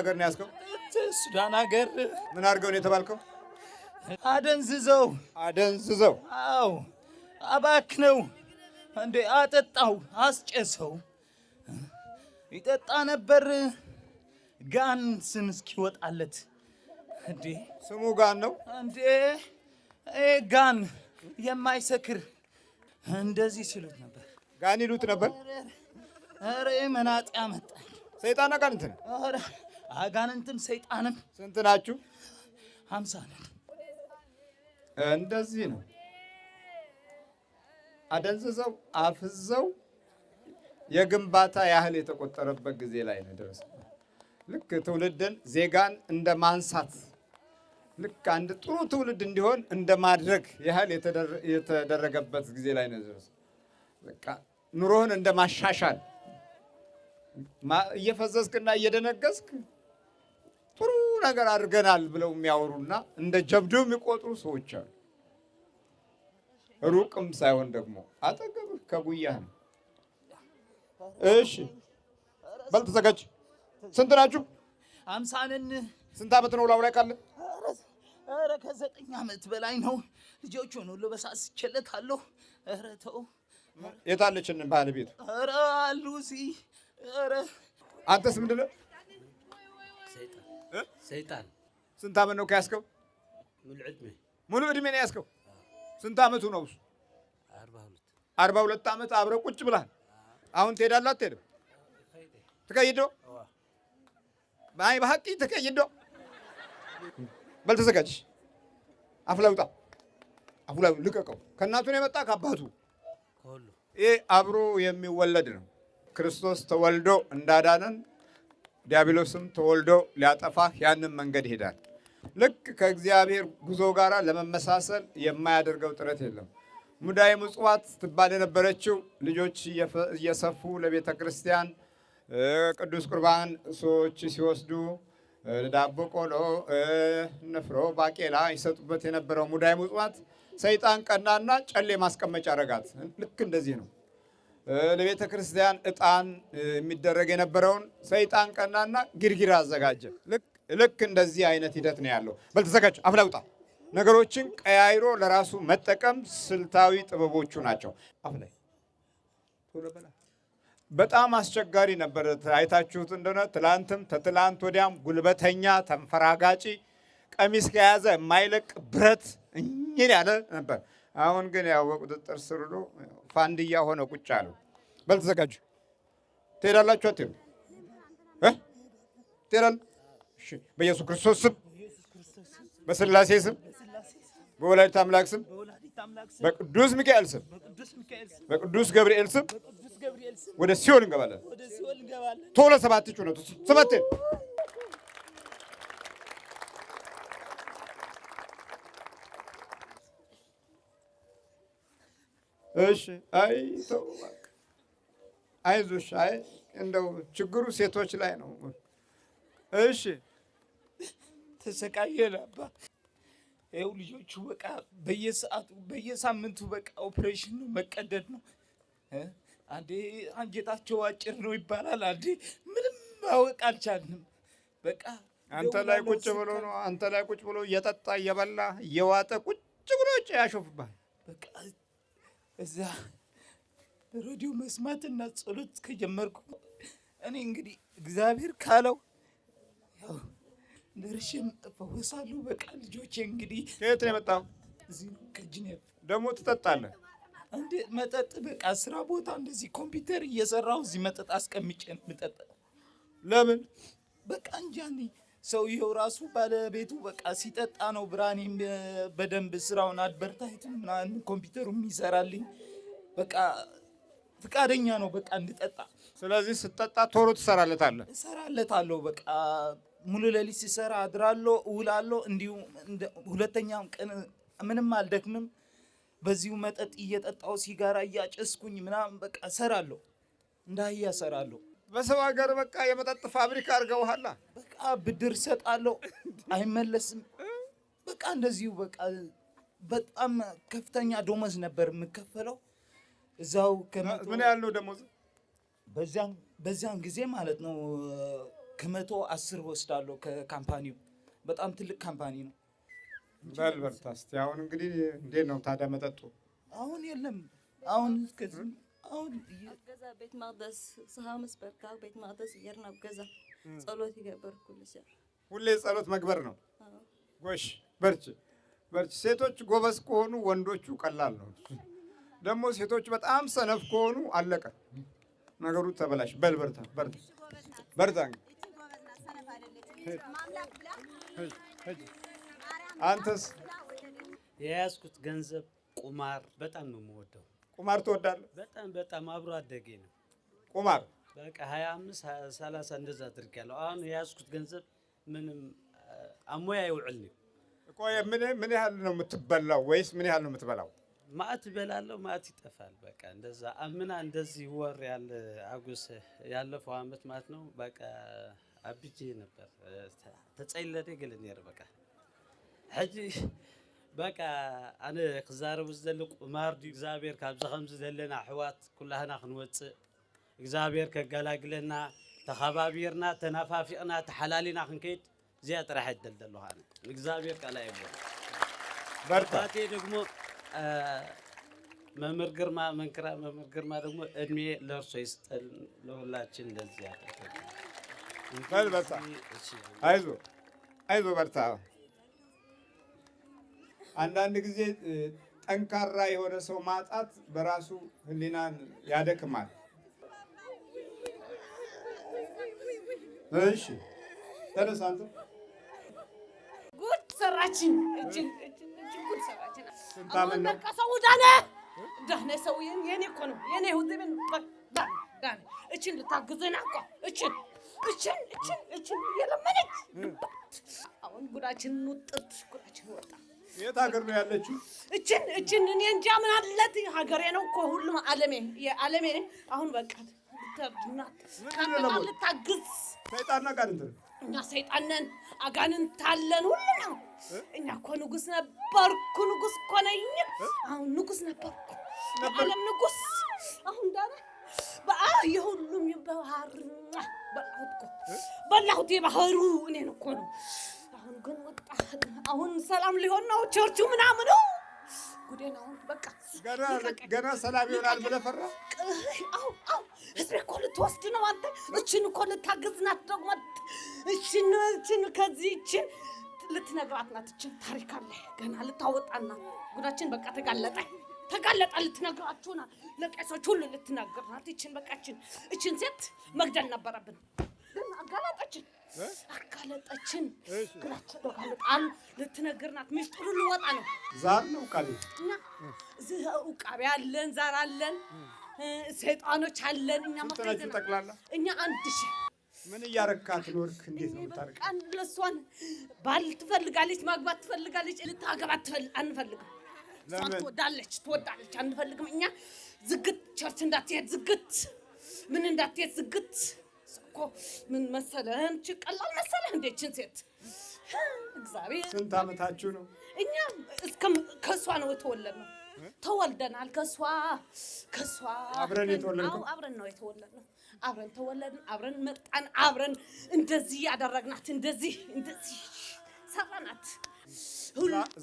ሀገር ነው ያስከው? ሱዳን ሀገር። ምን አድርገው ነው የተባልከው? አደንዝዘው አደንዝዘው። አዎ አባክነው እንዴ አጠጣው፣ አስጨሰው። ይጠጣ ነበር ጋን ስም እስኪወጣለት። እንዴ ስሙ ጋን ነው እንዴ? ጋን የማይሰክር እንደዚህ ሲሉት ነበር። ጋን ይሉት ነበር። ኧረ መናጢያ መጣ ሰይጣን አጋንንት ነው። አጋንንትም ሰይጣንም ስንት ናችሁ? ሀምሳ ነን። እንደዚህ ነው። አደንዝዘው አፍዘው የግንባታ ያህል የተቆጠረበት ጊዜ ላይ ነው ደረሰ። ልክ ትውልድን ዜጋን እንደ ማንሳት ልክ አንድ ጥሩ ትውልድ እንዲሆን እንደ ማድረግ ያህል የተደረገበት ጊዜ ላይ ነው ደረሰ። በቃ ኑሮህን እንደ ማሻሻል እየፈዘዝክና እየደነገዝክ ጥሩ ነገር አድርገናል ብለው የሚያወሩና እንደ ጀብዶ የሚቆጥሩ ሰዎች አሉ። ሩቅም ሳይሆን ደግሞ አጠገብህ ከጉያህ ነው። እሺ በል ተዘጋጅ። ስንት ናችሁ? አምሳንን ስንት ዓመት ነው ላው ላይ ካለ? ኧረ ከዘጠኝ ዓመት በላይ ነው። ልጆቹ ነው ልበሳስችለት አለሁ። ኧረ ተው። የታለችን ባለቤቱ? ኧረ አሉ እዚህ ኧረ አንተስ ምንድን ነው? ሰይጣን ስንት አመት ነው ከያዝከው? ሙሉ ዕድሜ ነው ያዝከው። ስንት አመቱ ነው እሱ? አርባ ሁለት አመት አብረህ ቁጭ ብላል። አሁን ትሄዳለህ አትሄድም? ትቀይዶ አይ በሀቂ ትቀይዶ በል ተዘጋጅ። አፍ ላይ ልቀቀው። ከእናቱ ነው የመጣ ከአባቱ ይህ አብሮ የሚወለድ ነው። ክርስቶስ ተወልዶ እንዳዳነን ዲያብሎስም ተወልዶ ሊያጠፋ ያንን መንገድ ይሄዳል። ልክ ከእግዚአብሔር ጉዞ ጋር ለመመሳሰል የማያደርገው ጥረት የለም። ሙዳይ ምጽዋት ትባል የነበረችው ልጆች እየሰፉ ለቤተ ክርስቲያን ቅዱስ ቁርባን ሰዎች ሲወስዱ ዳቦ፣ ቆሎ፣ ንፍሮ፣ ባቄላ ይሰጡበት የነበረው ሙዳይ ምጽዋት ሰይጣን ቀናና ጨሌ ማስቀመጫ አረጋት። ልክ እንደዚህ ነው። ለቤተ ክርስቲያን ዕጣን የሚደረግ የነበረውን ሰይጣን ቀናና ግርግር አዘጋጀ። ልክ እንደዚህ አይነት ሂደት ነው ያለው። በልተዘጋጅ አፍላውጣ ነገሮችን ቀያይሮ ለራሱ መጠቀም ስልታዊ ጥበቦቹ ናቸው። አፍላይ በጣም አስቸጋሪ ነበር። አይታችሁት እንደሆነ ትላንትም ተትላንት ወዲያም ጉልበተኛ ተንፈራጋጪ ቀሚስ ከያዘ የማይለቅ ብረት እኝን ያለ ነበር። አሁን ግን ያው በቁጥጥር ስር ሁሉ ፋንድያ ሆነ ቁጭ አሉ። በል ተዘጋጁ፣ ትሄዳላችሁ። አትሄዱ ትሄዳል። በኢየሱስ ክርስቶስ ስም፣ በስላሴ ስም፣ በወላዲተ አምላክ ስም፣ በቅዱስ ሚካኤል ስም፣ በቅዱስ ገብርኤል ስም ወደ ሲኦል እንገባለን። ቶሎ ሰባት ጩ ነው ሰባት እሺ አይ ተው አይዞሽ፣ አይ እንደው ችግሩ ሴቶች ላይ ነው። እሺ ተሰቃየን አባ። ይኸው ልጆቹ በቃ በየሰዓቱ በየሳምንቱ በቃ ኦፕሬሽን ነው፣ መቀደድ ነው። አንዴ አንጀታቸው አጭር ነው ይባላል፣ አንዴ ምንም ማወቅ አልቻልንም። በቃ አንተ ላይ ቁጭ ብሎ ነው አንተ ላይ ቁጭ ብሎ እየጠጣ እየበላ እየዋጠ ቁጭ ብሎ ያሾፍባል። እዛ ሬዲዮ መስማትና ጸሎት ከጀመርኩ እኔ እንግዲህ እግዚአብሔር ካለው ያው ደርሼ እፈወሳለሁ። በቃ ልጆቼ እንግዲህ ከየት ነው የመጣው? እዚህ ከጅኔቭ ደግሞ ትጠጣለህ እንዴ? መጠጥ በቃ ስራ ቦታ እንደዚህ ኮምፒውተር እየሰራሁ እዚህ መጠጥ አስቀምጬ የምጠጣ ለምን በቃ እንጃ ሰውየው ራሱ ባለቤቱ በቃ ሲጠጣ ነው ብርሃኔም በደንብ ስራውን አድበርታይቱ ምናምን ኮምፒውተሩ የሚሰራልኝ በቃ ፍቃደኛ ነው በቃ እንድጠጣ። ስለዚህ ስጠጣ ቶሎ ትሰራለታለ? እሰራለታለሁ በቃ ሙሉ ሌሊት ሲሰራ አድራለሁ፣ እውላለሁ። እንዲሁም ሁለተኛም ቀን ምንም አልደክምም። በዚሁ መጠጥ እየጠጣው ሲጋራ እያጨስኩኝ ምናምን በቃ እሰራለሁ፣ እንዳህያ እሰራለሁ። በሰው ሀገር በቃ የመጠጥ ፋብሪካ አድርገውሃላ። በቃ ብድር ሰጣለው አይመለስም። በቃ እንደዚሁ በቃ በጣም ከፍተኛ ደሞዝ ነበር የምከፈለው እዛው። ምን ያህል ነው ደሞዝ? በዚያን ጊዜ ማለት ነው ከመቶ አስር ወስዳለሁ ከካምፓኒው። በጣም ትልቅ ካምፓኒ ነው። በል በርታ እስኪ። አሁን እንግዲህ እንዴት ነው ታዲያ መጠጡ? አሁን የለም አሁን እስከዚህ ኣብ ገዛ ቤት መቅደስ ምስ ቤት መቅደስ ኣብ ገዛ ጸሎት ይገበር ኩሉ ሁሌ ጸሎት መግበር ነው። ጎሽ በርች በርች። ሴቶች ጎበዝ ከሆኑ ወንዶቹ ቀላል ነው። ደግሞ ሴቶች በጣም ሰነፍ ከሆኑ አለቀ ነገሩ፣ ተበላሽ። በል በርታ በርታ በርታ። አንተስ የያዝኩት ገንዘብ ቁማር በጣም ነው የምወደው ቁማር ትወዳለህ? በጣም በጣም አብሮ አደጌ ነው ቁማር። በቃ ሀያ አምስት ሰላሳ እንደዛ አድርጌያለሁ። አሁን የያዝኩት ገንዘብ ምንም አሞያ ይውዕል። እኮ። ምን ያህል ነው የምትበላው? ወይስ ምን ያህል ነው የምትበላው? ማት እበላለሁ፣ ማት ይጠፋል። በቃ እንደዛ አምና እንደዚህ ወር ያለ አጉስ ያለፈው አመት ማለት ነው በቃ አብጄ ነበር ተጸይለደ ገለ ነር በቃ በቃ ኣነ ክዛረቡ ዝደሊ ቁማር ድዩ እግዚኣብሔር ካብዚ ከምዚ ዘለና ኣሕዋት ኩላህና ክንወፅእ እግዚኣብሔር ከጋላግለና ተኸባቢርና ተናፋፊቕና ተሓላሊና ክንከይድ እዚኣ ጥራሕ ይደል ዘለኹ ኣነ ንእግዚኣብሔር ቃልኣ የብሎ በርታቴ ደግሞ መምህር ግርማ መንክራ መምህር ግርማ ደግሞ እድሜ ለእርሶ ይስጠል ለሁላችን ለዚያ አይዞ አይዞ በርታ አንዳንድ ጊዜ ጠንካራ የሆነ ሰው ማጣት በራሱ ህሊናን ያደክማል። እሺ ተነሳንተ ጉድ ሰራችን ሰው ዳነ ዳነ ሰው የኔ እኮ ነው የኔ ዳነ እችን ልታግዘና እኮ እችን እችን እችን እየለመነች አሁን ጉዳችን ውጥት ጉዳችን ወጣ የት ሀገር ነው ያለችው? እችን እችን እኔ እንጃ ምን አለት ሀገሬ ነው እኮ ሁሉም ዓለሜ የዓለሜ አሁን በቃ ልታግዝ ሰይጣና ጋር እኛ ሰይጣንን አጋንንት አለን ሁሉ ነው። እኛ እኮ ንጉስ ነበርኩ፣ ንጉስ እኮ ነኝ። አሁን ንጉስ ነበርኩ፣ የዓለም ንጉስ። አሁን ዳነ በአህ የሁሉም የባህር በላሁት እኮ በላሁት የባህሩ እኔን እኮ ነው አሁን ግን ወጣ። አሁን ሰላም ሊሆን ነው ቸርቹ ምናምኑ ጉዴን። አሁን በቃ ገና ሰላም ይሆናል ብለህ ፈራ። ህዝቤ እኮ ልትወስድ ነው አንተ። እችን እኮ ልታግዝ ናት ደግሞ እችን እችን ከዚህ እችን ልትነግራት ናት። እችን ታሪክ አለ ገና ልታወጣና ጉዳችን በቃ ተጋለጠ ተጋለጠ። ልትነግራችሁ ናት ለቄሶች ሁሉ ልትናገር ናት። እችን በቃ እችን እችን ሴት መግደል ነበረብን፣ ግን አጋለጠችን። አጋለጠችን። ግራችን ተጋለጣን። ልትነግርናት ሚስጥሩ ልወጣ ነው። ዛር ነው ቃቤ እና እዚህ ቃቤ አለን፣ ዛር አለን፣ ሰይጣኖች አለን። እኛ ጠቅላላ እኛ አንድ ሺ ምን እያረካት ኖርክ? እንዴት ነው ታርቅ? እሷን ባል ትፈልጋለች፣ ማግባት ትፈልጋለች፣ ልታገባት አንፈልግም። እሷን ትወዳለች፣ ትወዳለች፣ አንፈልግም። እኛ ዝግት ቸርች እንዳትሄድ ዝግት ምን እንዳትሄድ ዝግት እኮ ምን መሰለህ፣ አንቺ ቀላል መሰለህ እንዴ? ይህችን ሴት እግዚአብሔር። ስንት ዓመታችሁ ነው? እኛ ከእሷ ነው የተወለድነው። ተወልደናል ከእሷ ከእሷ አብረን የተወለድነው አብረን ነው የተወለድነው። አብረን ተወለድን፣ አብረን መጣን፣ አብረን እንደዚህ ያደረግናት፣ እንደዚህ እንደዚህ ሰራናት።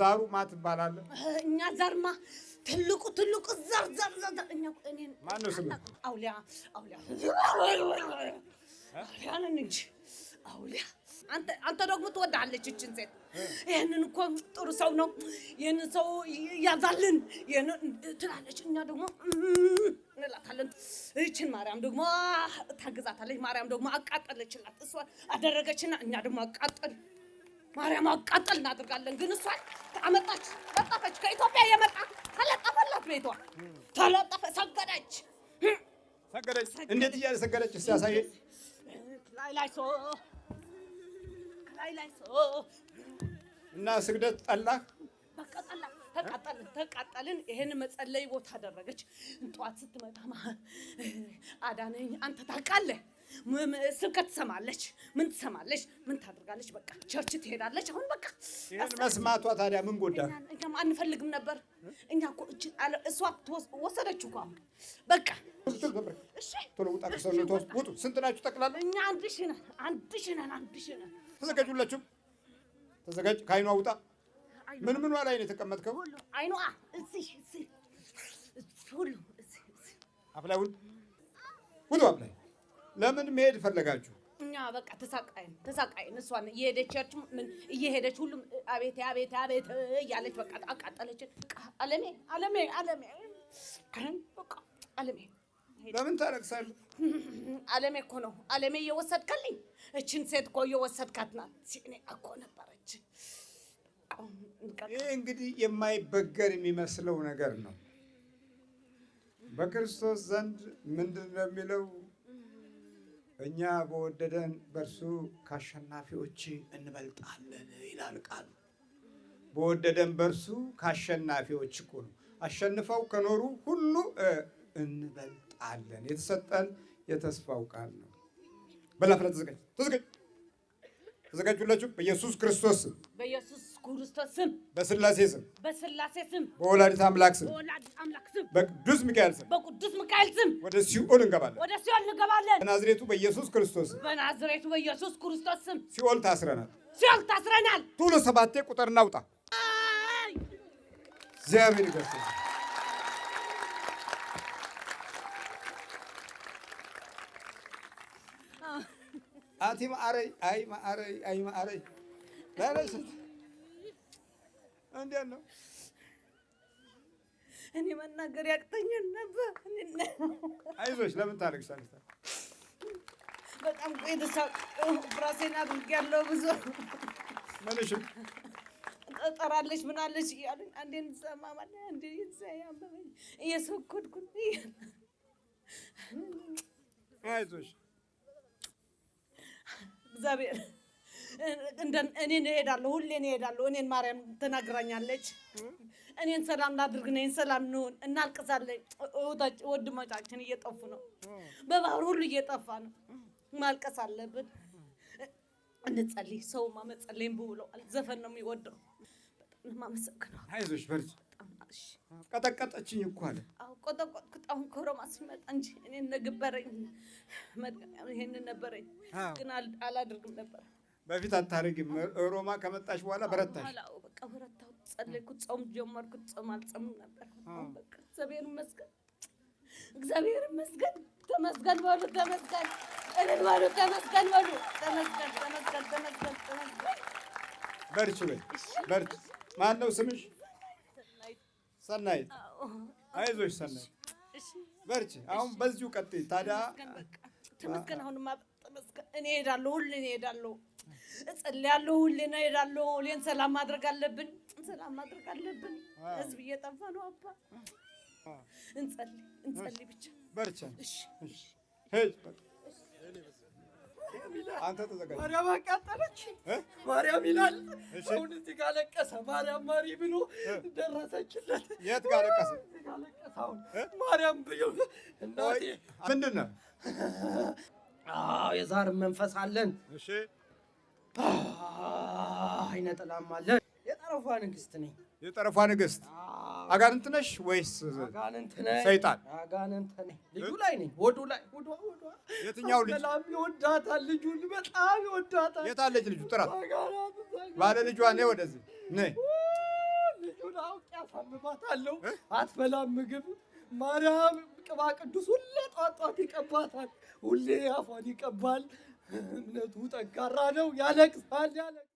ዛሩ ማ ትባላለህ? እኛ ዛርማ ትልቁ ትልቁ ዘር ዘር እኔን ማነው ስም አውሊያ አውሊያ አውሊያንን እንጂ አውሊያ አንተ ደግሞ ትወዳለች እችን ሴት። ይህንን እኮ ጥሩ ሰው ነው፣ ይህንን ሰው ያዛልን ትላለች። እኛ ደግሞ እንላታለን። እችን ማርያም ደግሞ ታግዛታለች። ማርያም ደግሞ አቃጠለችላት፣ እሷ አደረገችና እኛ ደግሞ አቃጠል ማርያም አቃጠል እናድርጋለን። ግን እሷን አመጣች፣ ለጠፈች። ከኢትዮጵያ የመጣ ተለጠፈላት፣ ቤቷ ተለጠፈ። ሰገደች፣ ሰገደች። እንዴት እያለ ሰገደች? እስኪ አሳየኝ። እና ስግደት ጠላህ? ተቃጠልን ተቃጠልን። ይሄን መጸለይ ቦታ አደረገች። ጠዋት ስትመጣ አዳነኝ አንተ ታውቃለህ ስብከት ትሰማለች፣ ምን ትሰማለች፣ ምን ታደርጋለች፣ በቃ ቸርች ትሄዳለች። አሁን በቃ ይህን መስማቷ ታዲያ ምን ጎዳ? እኛም አንፈልግም ነበር። እኛ እኮ እሷ ወሰደችው እኮ አሁን በቃ ቶሎ ውጣ፣ ውጡ። ስንት ናችሁ ጠቅላላ? እኛ አንድ ሺህ ነን፣ አንድ ሺህ ነን፣ አንድ ሺህ ነን። ተዘጋጁላችሁ፣ ተዘጋጅ። ከአይኗ ውጣ። ምን ምኗ ላይ ነው የተቀመጥከው? አይኗ እዚህ ሁሉ ውጡ፣ አፍላይ ለምን መሄድ ፈለጋችሁ? እኛ በቃ ተሳቃይን ተሳቃይን። እሷን እየሄደች እየሄደች ሁሉም አቤቴ አቤቴ አቤት እያለች በቃ አቃጠለችን። አለሜ አለሜ አለሜ አለሜ ለምን ታለቅሳለህ? አለሜ እኮ ነው አለሜ እየወሰድከልኝ። እችን ሴት እኮ እየወሰድካት ናት። እኔ እኮ ነበረች። ይህ እንግዲህ የማይበገር የሚመስለው ነገር ነው። በክርስቶስ ዘንድ ምንድን ነው የሚለው እኛ በወደደን በእርሱ ከአሸናፊዎች እንበልጣለን ይላል ቃሉ። በወደደን በእርሱ ከአሸናፊዎች እኮ ነው። አሸንፈው ከኖሩ ሁሉ እንበልጣለን። የተሰጠን የተስፋው ቃል ነው። በላፍለ ተዘጋጅ ተዘጋጅ ተዘጋጁላችሁ በኢየሱስ ክርስቶስ ክርስቶስ ስም በስላሴ ስም በስላሴ ስም በወላዲት አምላክ ስም በወላዲት አምላክ ስም በቅዱስ ሚካኤል ስም በቅዱስ ሚካኤል ስም ወደ ሲኦል እንገባለን ወደ ሲኦል እንገባለን። በናዝሬቱ በኢየሱስ ክርስቶስ በናዝሬቱ በኢየሱስ ክርስቶስ ስም ሲኦል ታስረናል። ሲኦል ታስረናል። ቶሎ ሰባቴ ቁጥር እናውጣ። እግዚአብሔር ይመስገን። አቲ ማዕረይ አይ ማዕረይ አይ ማዕረይ እንዲ ያለው እኔ መናገር ያቅተኛል ነበር። አይዞሽ፣ ለምን ታለቅሻለሽ? በጣም ቆይ ብራሴን አድርጌያለሁ። ብዙ መልሽም ጠራለች ምናለች እያለን አንዴ እንሰማማለ አንዴ ያበበኝ እየሰኮድኩን አይዞሽ እግዚአብሔር እኔ እሄዳለሁ፣ ሁሌ እኔ እሄዳለሁ። እኔን ማርያም ትናግራኛለች። እኔን ሰላም ላድርግ፣ እኔን ሰላም እንሆን። እናልቅሳለን። ወድመጫችን እየጠፉ ነው፣ በባህር ሁሉ እየጠፋ ነው። ማልቀስ አለብን። እንጸልይ። ሰውማ መጸለይም ብውለው ዘፈን ነው የሚወደው። በጣም ማመሰግነዋል። አይዞሽ በርቺ። ቀጠቀጠችኝ እኮ አለ። አዎ ቀጠቀጥኩት። አሁን ኮሮማ ሲመጣ እንጂ እኔን ነበረኝ፣ ይሄንን ነበረኝ፣ ግን አላደርግም ነበር በፊት አታረጊም። ሮማ ከመጣሽ በኋላ በረታሽ። በቃ በረታሁ፣ ጸለይኩት፣ ጾም ጀመርኩ። ጾም አልጾምም ነበር። በቃ እግዚአብሔር ይመስገን፣ እግዚአብሔር ይመስገን። ተመስገን በሉ፣ ተመስገን እልል በሉ፣ ተመስገን በሉ፣ ተመስገን፣ ተመስገን፣ ተመስገን፣ ተመስገን። በርቺ በይ፣ በርቺ። ማን ነው ስምሽ? ሰናይት። አይዞሽ ሰናይት፣ በርቺ። አሁን በዚሁ ቀጥይ። ታዲያ ተመስገን፣ አሁንማ ተመስገን። እኔ እሄዳለሁ፣ ሁሉ እኔ እሄዳለሁ እጸልያለሁ። ሁሌ ነው እሄዳለሁ። ሁሌን ሰላም ማድረግ አለብን፣ ሰላም ማድረግ አለብን። ህዝብ እየጠፋ ነው። አባ እንጸልይ፣ እንጸልይ ብቻ በርቻ። አንተ ተዘጋጅ። ማርያም አቃጠለች፣ ማርያም ይላል። አሁን እዚህ ጋር ለቀሰ። ማርያም ማሪ ብሎ ደረሰችለት። የት ጋር ለቀሰ? ማርያም ብሎ እናቴ ምንድን ነው? አዎ የዛር መንፈስ አለን። እሺ አይነ ጥላም አለ። የጠረፏ ንግስት ነኝ። የጠረፏ ንግስት አጋንንት ነሽ ወይስ ሰይጣን? አጋንንት ነኝ። ልጁ ላይ ነኝ። ወዱ ላይ ወዱ ወዱ። የትኛው ልጅ? በጣም ይወዳታል። ልጁ በጣም ይወዳታል። የታለች ልጁ? ጥራት ባለ ልጇ ነይ ወደዚህ ነይ። ልጁን አውቄ አሳምባታለሁ። አትበላም ምግብ ማርያም ቅባ ቅዱስ ሁሌ ጧጧት ይቀባታል። ሁሌ አፏን ይቀባል። እምነቱ ጠንካራ ነው። ያለቅሳል ያለቅ